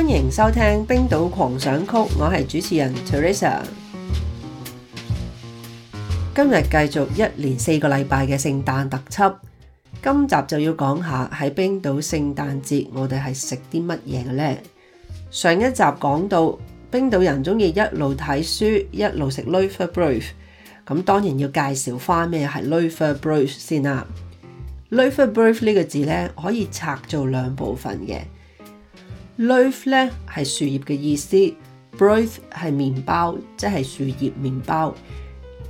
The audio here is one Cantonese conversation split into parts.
歡迎收聽冰島狂想曲，我係主持人 Teresa。今日繼續一連四個禮拜嘅聖誕特輯，今集就要講下喺冰島聖誕節我哋係食啲乜嘢嘅呢？上一集講到冰島人中意，一路睇書，一路食 Laufabrauð，咁當然要介紹翻咩係 Laufabrauð 先啦。Laufabrauð 呢個字呢，可以拆做兩部分嘅。Leaf 咧係樹葉嘅意思，bread 係麵包，即係樹葉麵包。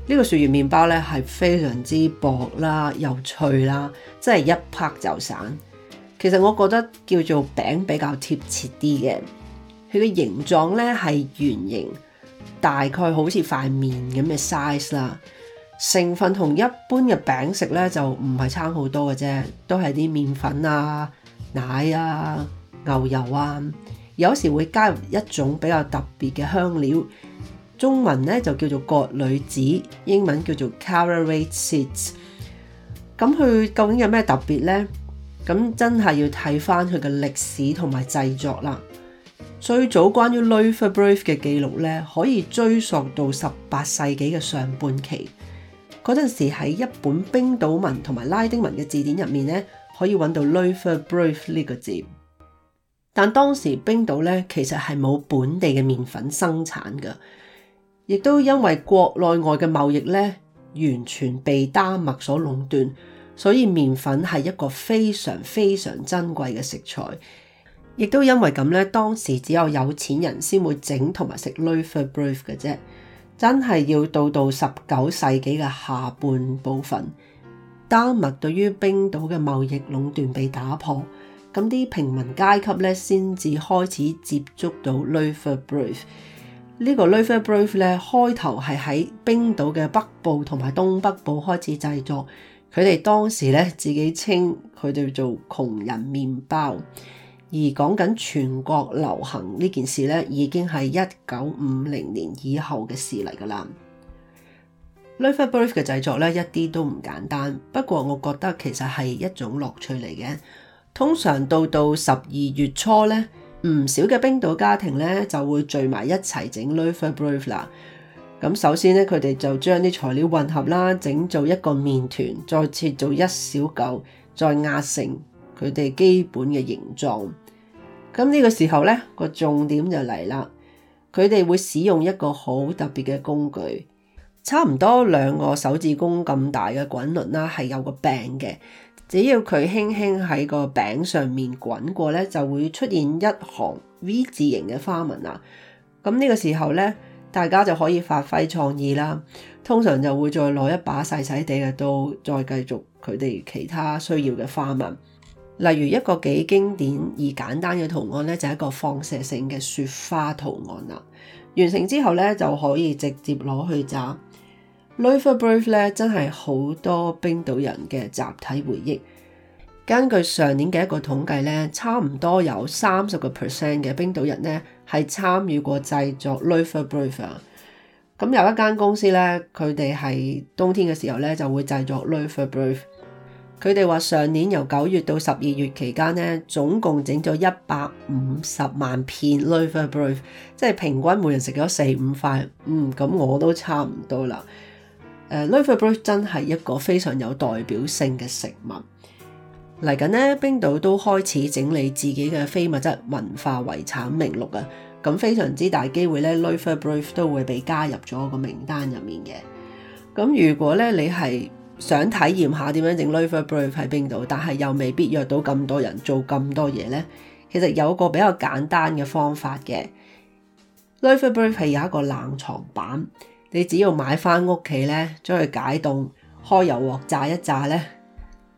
呢個樹葉麵包咧係非常之薄啦，又脆啦，即係一拍就散。其實我覺得叫做餅比較貼切啲嘅。佢嘅形狀咧係圓形，大概好似塊面咁嘅 size 啦。成分同一般嘅餅食咧就唔係差好多嘅啫，都係啲麵粉啊、奶啊，牛油啊，有時會加入一種比較特別嘅香料，中文咧就叫做葛縷子，英文叫做 caraway seeds。咁、嗯、佢究竟有咩特別呢？咁、嗯、真係要睇翻佢嘅歷史同埋製作啦。最早關於 liverbread 嘅記錄咧，可以追溯到十八世紀嘅上半期嗰陣時，喺一本冰島文同埋拉丁文嘅字典入面咧，可以揾到 liverbread 呢個字。但當時冰島咧，其實係冇本地嘅麵粉生產嘅，亦都因為國內外嘅貿易咧，完全被丹麥所壟斷，所以麵粉係一個非常非常珍貴嘅食材。亦都因為咁咧，當時只有有錢人先會整同埋食 laufabrauð 嘅啫。真係要到到十九世紀嘅下半部分，丹麥對於冰島嘅貿易壟斷被打破。咁啲平民階級咧，先至開始接觸到 Laufabrauð。呢個 Laufabrauð 咧，開頭係喺冰島嘅北部同埋東北部開始製作。佢哋當時咧，自己稱佢哋做窮人麵包。而講緊全國流行呢件事咧，已經係一九五零年以後嘅事嚟噶啦。Laufabrauð 嘅製作咧，一啲都唔簡單。不過，我覺得其實係一種樂趣嚟嘅。通常到到十二月初咧，唔少嘅冰島家庭咧就會聚埋一齊整 Laufabrauð。咁首先咧，佢哋就將啲材料混合啦，整做，做一個麵團，再切做一小嚿，再壓成佢哋基本嘅形狀。咁呢個時候咧，個重點就嚟啦。佢哋會使用一個好特別嘅工具，差唔多兩個手指公咁大嘅滾輪啦，係有個柄嘅。只要佢輕輕喺個餅上面滾過咧，就會出現一行 V 字形嘅花紋啦。咁呢個時候咧，大家就可以發揮創意啦。通常就會再攞一把細細地嘅刀，再繼續佢哋其他需要嘅花紋。例如一個幾經典而簡單嘅圖案咧，就係一個放射性嘅雪花圖案啦。完成之後咧，就可以直接攞去炸。Laufabrauð 咧真係好多冰島人嘅集體回憶。根據上年嘅一個統計咧，差唔多有三十個 percent 嘅冰島人咧係參與過製作 laufabrauð 啊。咁有一間公司咧，佢哋喺冬天嘅時候咧就會製作 laufabrauð。佢哋話上年由九月到十二月期間咧，總共整咗一百五十萬片 laufabrauð，即係平均每人食咗四五塊。嗯，咁我都差唔多啦。誒，Loverbread 真係一個非常有代表性嘅食物。嚟緊呢，冰島都開始整理自己嘅非物質文化遺產名錄啊！咁非常之大機會咧，Loverbread 都會被加入咗個名單入面嘅。咁如果咧你係想體驗下點樣整 Loverbread 喺冰島，但係又未必約到咁多人做咁多嘢呢，其實有個比較簡單嘅方法嘅。Loverbread 係有一個冷藏版。你只要買翻屋企咧，將佢解凍，開油鑊炸一炸咧，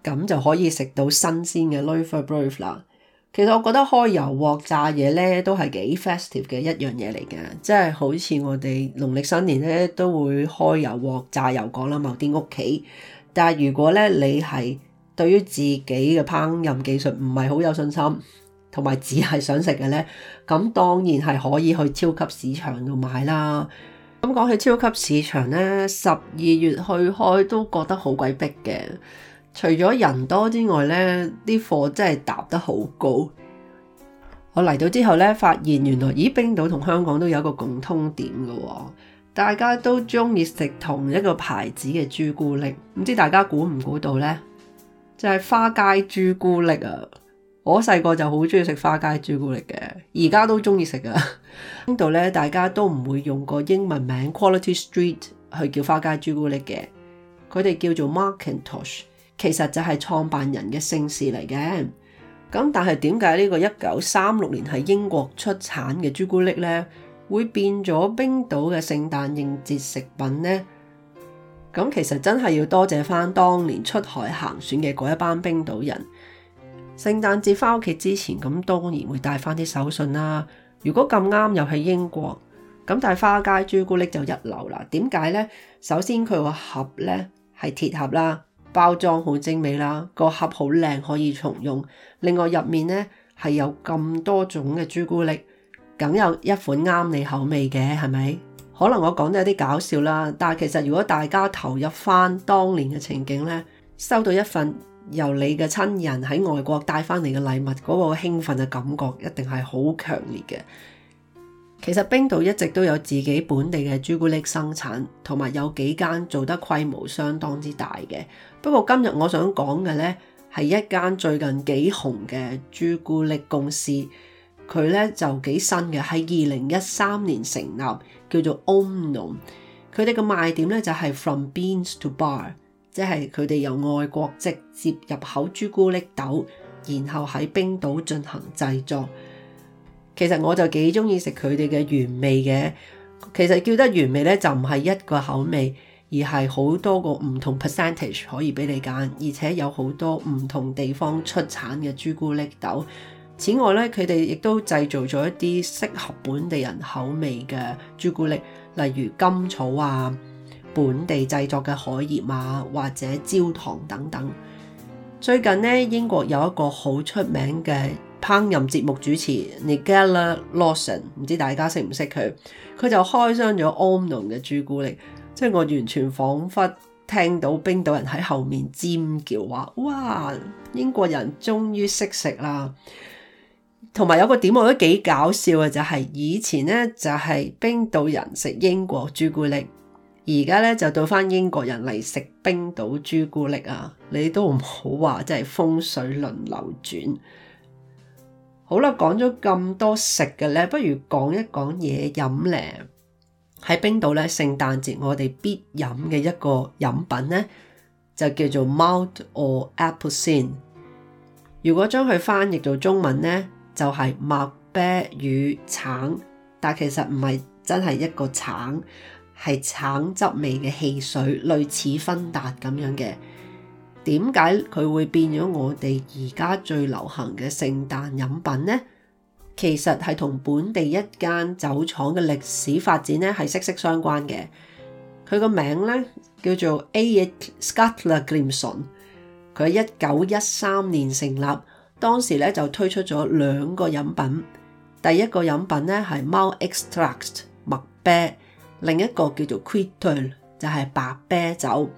咁就可以食到新鮮嘅 laufabrauð 啦。其實我覺得開油鑊炸嘢咧，都係幾 festive 嘅一樣嘢嚟嘅，即係好似我哋農曆新年咧都會開油鑊炸油角啦，某啲屋企。但係如果咧你係對於自己嘅烹飪技術唔係好有信心，同埋只係想食嘅咧，咁當然係可以去超級市場度買啦。咁講起超級市場呢，十二月去開都覺得好鬼逼嘅，除咗人多之外呢，啲貨真係搭得好高。我嚟到之後呢，發現原來咦，冰島同香港都有個共通點㗎喎。大家都中意食同一個牌子嘅朱古力，唔知大家估唔估到呢？就係花街朱古力啊！我細個就好中意食花街朱古力嘅，而家都中意食啊！冰度呢度咧，大家都唔會用個英文名 Quality Street 去叫花街朱古力嘅，佢哋叫做 Mackintosh，其實就係創辦人嘅姓氏嚟嘅。咁但係點解呢個一九三六年喺英國出產嘅朱古力咧，會變咗冰島嘅聖誕應節食品呢？咁其實真係要多謝翻當年出海行船嘅嗰一班冰島人。聖誕節翻屋企之前，咁當然會帶翻啲手信啦。如果咁啱又係英國，咁帶花街朱古力就一流啦。點解呢？首先佢個盒呢係鐵盒啦，包裝好精美啦，個盒好靚，可以重用。另外入面呢係有咁多種嘅朱古力，梗有一款啱你口味嘅，係咪？可能我講得有啲搞笑啦，但係其實如果大家投入翻當年嘅情景呢，收到一份，由你嘅親人喺外國帶翻嚟嘅禮物，嗰個興奮嘅感覺一定係好強烈嘅。其實冰島一直都有自己本地嘅朱古力生產，同埋有幾間做得規模相當之大嘅。不過今日我想講嘅呢係一間最近幾紅嘅朱古力公司，佢呢就幾新嘅，喺二零一三年成立，叫做 Omnom，佢哋嘅賣點呢就係 From Beans to Bar。即係佢哋由外國直接入口朱古力豆，然後喺冰島進行製作。其實我就幾中意食佢哋嘅原味嘅。其實叫得原味咧，就唔係一個口味，而係好多個唔同 percentage 可以俾你揀，而且有好多唔同地方出產嘅朱古力豆。此外咧，佢哋亦都製造咗一啲適合本地人口味嘅朱古力，例如甘草啊。本地製作嘅海鹽啊，或者焦糖等等。最近呢，英國有一個好出名嘅烹飪節目主持 Nigella Lawson，唔知大家識唔識佢？佢就開箱咗安濃嘅朱古力，即係我完全彷彿聽到冰島人喺後面尖叫話：哇！英國人終於識食啦！同埋有個點我覺得幾搞笑嘅，就係以前呢就係冰島人食英國朱古力。而家咧就到返英國人嚟食冰島朱古力啊！你都唔好話，即係風水輪流轉。好啦，講咗咁多食嘅咧，不如講一講嘢飲咧。喺冰島咧，聖誕節我哋必飲嘅一個飲品咧，就叫做 Malt og Appelsín，如果將佢翻譯做中文咧，就係、是、麥啤與橙，但其實唔係真係一個橙。係橙汁味嘅汽水，類似芬達咁樣嘅。點解佢會變咗我哋而家最流行嘅聖誕飲品呢？其實係同本地一間酒廠嘅歷史發展咧係息息相關嘅。佢個名咧叫做 A. Scott e r g l i m p s o n 佢喺一九一三年成立，當時咧就推出咗兩個飲品。第一個飲品咧係貓 extract 麥啤。另一個叫做 Quitter 就係白啤酒。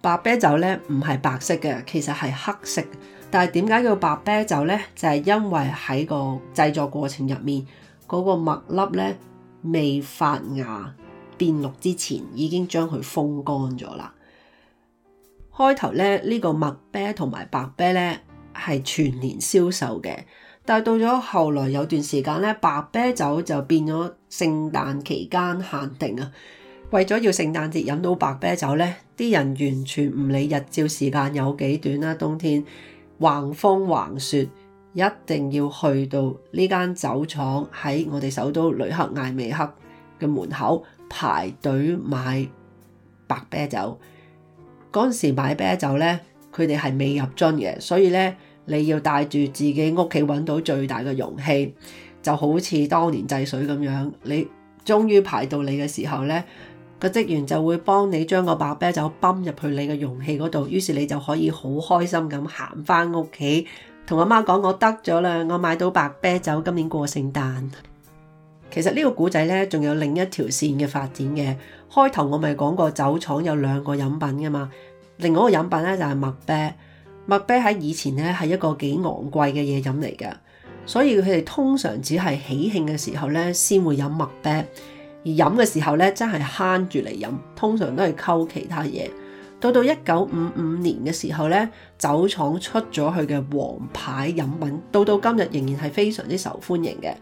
白啤酒咧唔係白色嘅，其實係黑色。但係點解叫白啤酒咧？就係、是、因為喺個製作過程入面，嗰、那個麥粒咧未發芽變綠之前，已經將佢風乾咗啦。開頭咧，呢個麥啤同埋白啤咧係全年銷售嘅。但係到咗後來有段時間咧，白啤酒就變咗聖誕期間限定啊！為咗要聖誕節飲到白啤酒咧，啲人完全唔理日照時間有幾短啦，啊，冬天橫風橫雪，一定要去到呢間酒廠喺我哋首都雷克艾美克嘅門口排隊買白啤酒。嗰陣時買啤酒咧，佢哋係未入樽嘅，所以咧。你要帶住自己屋企揾到最大嘅容器，就好似當年制水咁樣。你終於排到你嘅時候，呢個職員就會幫你將個白啤酒泵入去你嘅容器嗰度，於是你就可以好開心咁行返屋企，同阿媽講，我得咗啦，我買到白啤酒，今年過聖誕。其實這個呢個古仔呢，仲有另一條線嘅發展嘅。開頭我咪講過酒廠有兩個飲品㗎嘛，另外一個飲品呢，就係麥啤。麥啤喺以前咧係一個幾昂貴嘅嘢飲嚟嘅，所以佢哋通常只係喜慶嘅時候咧先會飲麥啤，而飲嘅時候咧真係慳住嚟飲，通常都係溝其他嘢。到到一九五五年嘅時候咧，酒廠出咗佢嘅王牌飲品，到到今日仍然係非常之受歡迎嘅，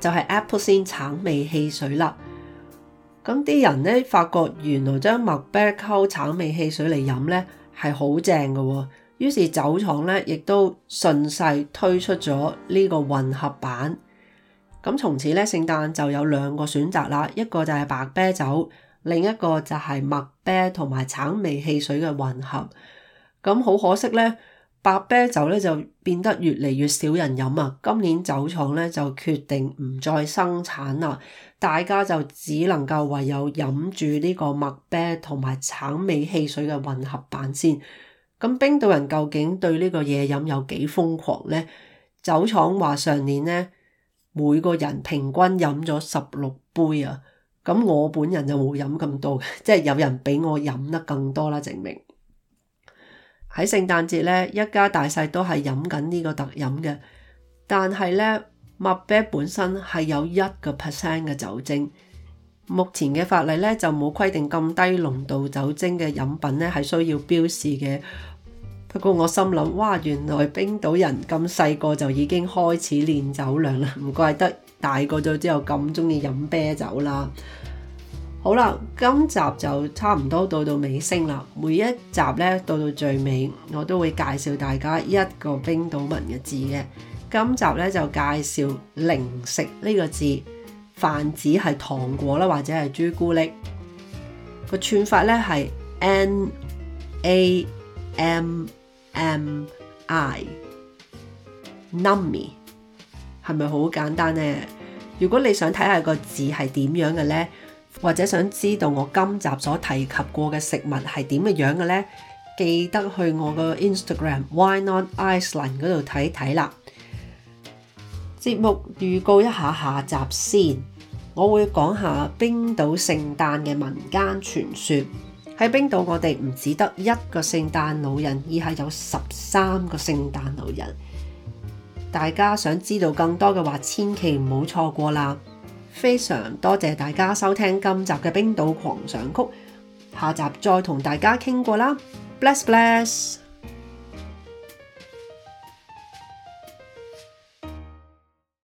就係 Apple C 橙味汽水啦。咁啲人咧發覺原來將麥啤溝橙味汽水嚟飲咧係好正嘅喎。於是酒廠咧，亦都順勢推出咗呢個混合版。咁從此咧，聖誕就有兩個選擇啦，一個就係白啤酒，另一個就係麥啤同埋橙味汽水嘅混合。咁好可惜咧，白啤酒咧就變得越嚟越少人飲啊！今年酒廠咧就決定唔再生產啦，大家就只能夠唯有飲住呢個麥啤同埋橙味汽水嘅混合版先。咁冰島人究竟對呢個嘢飲有幾瘋狂呢？酒廠話上年呢，每個人平均飲咗十六杯啊。咁我本人就冇飲咁多，即係有人比我飲得更多啦。證明喺聖誕節呢，一家大細都係飲緊呢個特飲嘅，但係呢，麥啤本身係有一個 percent 嘅酒精。目前嘅法例咧就冇規定咁低濃度酒精嘅飲品咧係需要標示嘅。不過我心諗，哇，原來冰島人咁細個就已經開始練酒量啦，唔怪得大個咗之後咁鍾意飲啤酒啦。好啦，今集就差唔多到到尾聲啦。每一集咧到到最尾，我都會介紹大家一個冰島文嘅字嘅。今集咧就介紹零食呢個字。泛指係糖果啦，或者係朱古力。個串法咧係 N A M M I nammi，係咪好簡單呢？如果你想睇下個字係點樣嘅呢？或者想知道我今集所提及過嘅食物係點嘅樣嘅呢？記得去我個 Instagram Why Not Iceland 嗰度睇睇啦。節目預告一下下集先，我會講下冰島聖誕嘅民間傳說。喺冰島，我哋唔只得一個聖誕老人，而係有十三個聖誕老人。大家想知道更多嘅話，千祈唔好錯過啦！非常多謝大家收聽今集嘅冰島狂想曲，下集再同大家傾過啦。Bless bless。